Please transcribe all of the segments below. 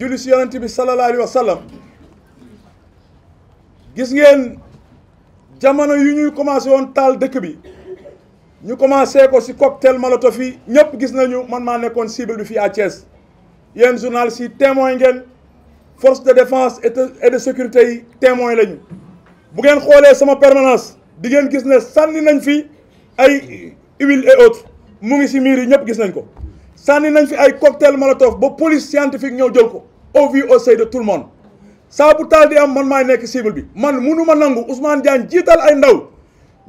julli si yonent bi sallallahu alayhi gis ngeen jamono yu ñuy commencé woon taal dëkk bi ñu commencé ko si cocktail molotov yi ñëpp gis nañu man maa nekkoon cible bi fii à Thiès yéen journalistes yi témoin ngeen force de défense et de sécurité yi témoin lañu bu ngeen xoolee sama permanence di ngeen gis ne sànni nañ fi ay huile et autres mu ngi si miir yi ñëpp gis nañ ko sànni nañ fi ay cocktail molotov ba police scientifique ñëw jël ko au vie au seuil de tout le monde saa taal di am man maay nekk cible bi man munu ma nangu Ousmane Diagne jiital ay ndaw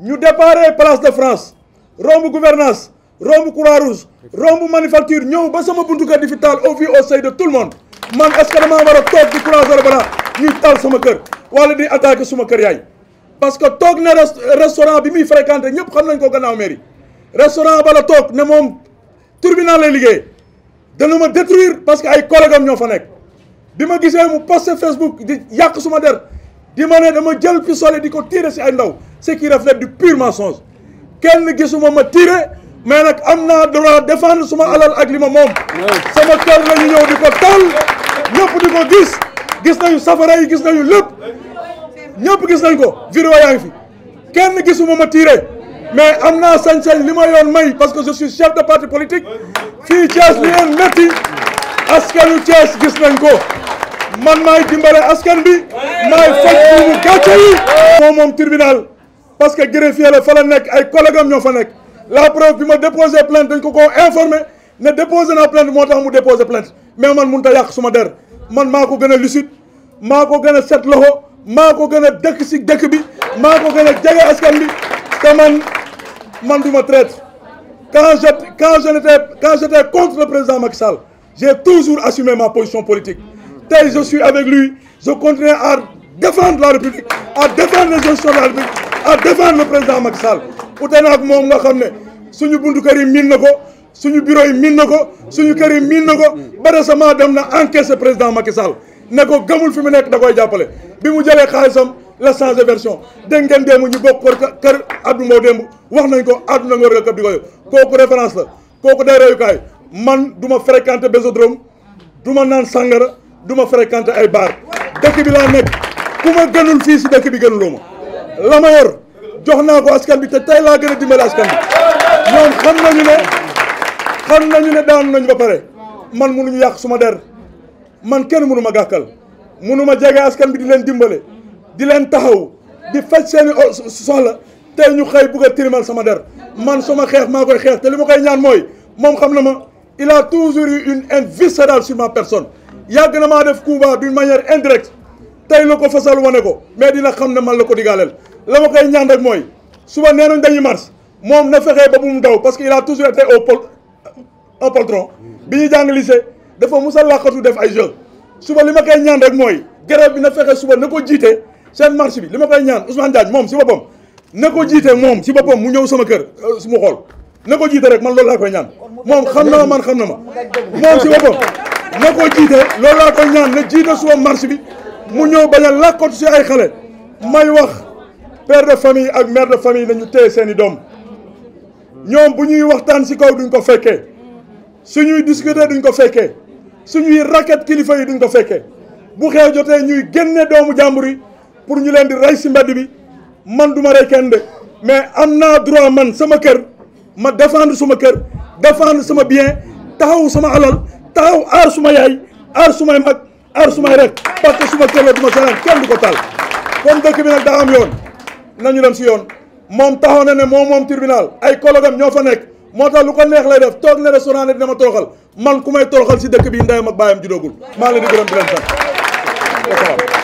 ñu déparé place de France romb gouvernance romb croix rouge romb manufacture ñëw ba sama buntu kër di fi taal au vu au seuil de tout le monde man est ce a toog di croiser bala ñuy taal sama kër wala di attaqué suma kër yaay parce que toog na restaurant bi muy fréquenté ñëpp xam nañ ko gannaaw mairie restaurant bala toog ne moom tribunal lay liggéey dana ma détruire parce que ay collègue ñoo fa nekk bi ma gisee mu posté Facebook di yàq suma der di ma ne dama jël pistolet di ko tiré si ay ndaw ce qui reflète du pur mensonge kenn gisuma ma tiire mais nag am naa droit défendre suma alal ak li ma moom sama kër la ñu ñëw di ko taal ñëpp di ko gis gis nañu safara yi gis nañu lépp ñëpp gis nañ ko vidéo yaa ngi fi kenn gisuma ma tiire mais am naa sañ-sañ li ma yoon may parce que je suis chef de parti politique fii Thiès li leen métti askanu Thiès gis nañ ko man maay dimbale askan bi maay faj buumu gàcce yi moom moom tribunal parce que greffier la fa la nekk ay collègue am ñoo fa nekk la preuve bi ma déposé plainte dañ ko ko informé ne déposé naa plainte moo tax mu déposé plainte mais man mun ta yàq suma der man maa ko gën a lucide maa ko gën a set loxo maa ko gën a dëkk si dëkk bi maa ko gën a jege askan bi te man man du ma traite quand je quand je n'étais quand j'étais président Macky Sall J'ai toujours assumé ma position politique. Tel je suis avec lui, je continuerai à défendre la République, à défendre les institutions la République, à défendre le président Macky Sall. moom nga xam ne suñu buntu kër yi miin na ko suñu bureau yi miin na ko suñu kër yi miin na ko ba récemment dem na encaissé président Macky Sall ne ko gamul fi mu nekk da koy jàppale bi mu jëlee xaalisam la changé version dégg ngeen démb ñu bokk kër kër Abdou Mbow démb wax nañ ko àdduna nga wër la kooku man du ma fréquenté bésodrome du ma naan sàngara du ma fréquenté ay baar dëkk bi laa nekk ku ma gënul fii si dëkk bi gënuloo ma la ma jox naa ko askan bi te tey laa gën a dimbali askan bi ñoom xam nañu ne xam nañu ne daanu nañ ba pare man mënuñu yàq suma der man kenn mënu ma gàkkal mënu ma jege askan bi di leen dimbale di leen taxaw di faj seeni soxla tey ñu xëy bugg a tirimal sama der man sama xeex maa koy xeex te li ma koy ñaan mooy moom xam na ma il a toujours eu une haine viscérale sur ma personne yàgg na maa def combat d'une manière indirecte tey la ko fasal wane ko mais dina xam ne man la ko digaaleel la ma koy ñaan rek mooy suba nee nañ dañuy marche moom na fexee ba bu mu daw parce que il a toujours été au pol poltron bi ñuy jàng lycée dafa musa làqatu def ay jeux suba li ma koy ñaan rek mooy grève bi na fexe suba na ko jiite seen marche bi li ma koy ñaan Ousmane Diagne moom si boppam na ko jiite moom si boppam mu ñëw sama kër euh, su xool na ko jiite rek man loolu laa koy ñaan moom xam na man xam na ma moom si boppam na ko jiite loolu laa koy ñaan na jiite suba marche bi mu ñëw bañ a làkkatu si ay xale may wax père de famille ak mère de famille nañu téye seen i doom ñoom bu ñuy waxtaan si kaw duñ ko fekkee suñuy discuter duñ ko fekkee suñuy raket kilifa yi duñ ko fekkee bu xew jotee ñuy génne doomu jàmbur yi pour ñu leen di rey si mbedd bi man du ma rey kenn de mais am naa droit man sama kër ma défendre suma kër défendre sama bien taxaw sama alal taxaw aar suma yaay aar sumay mag aar sumay rek parce que suma kër la duma seetaan kenn du ko taal comme dëkk bi nag daa am yoon ñu dem si yoon moom taxaw na ne moom moom tribunal ay collègues ñoo fa nekk moo tax lu ko neex lay def toog na restaurant ne dina ma toroxal man ku may toroxal si dëkk bi ndeyam ak baayam judoogul maa ngi leen di gërëm di leen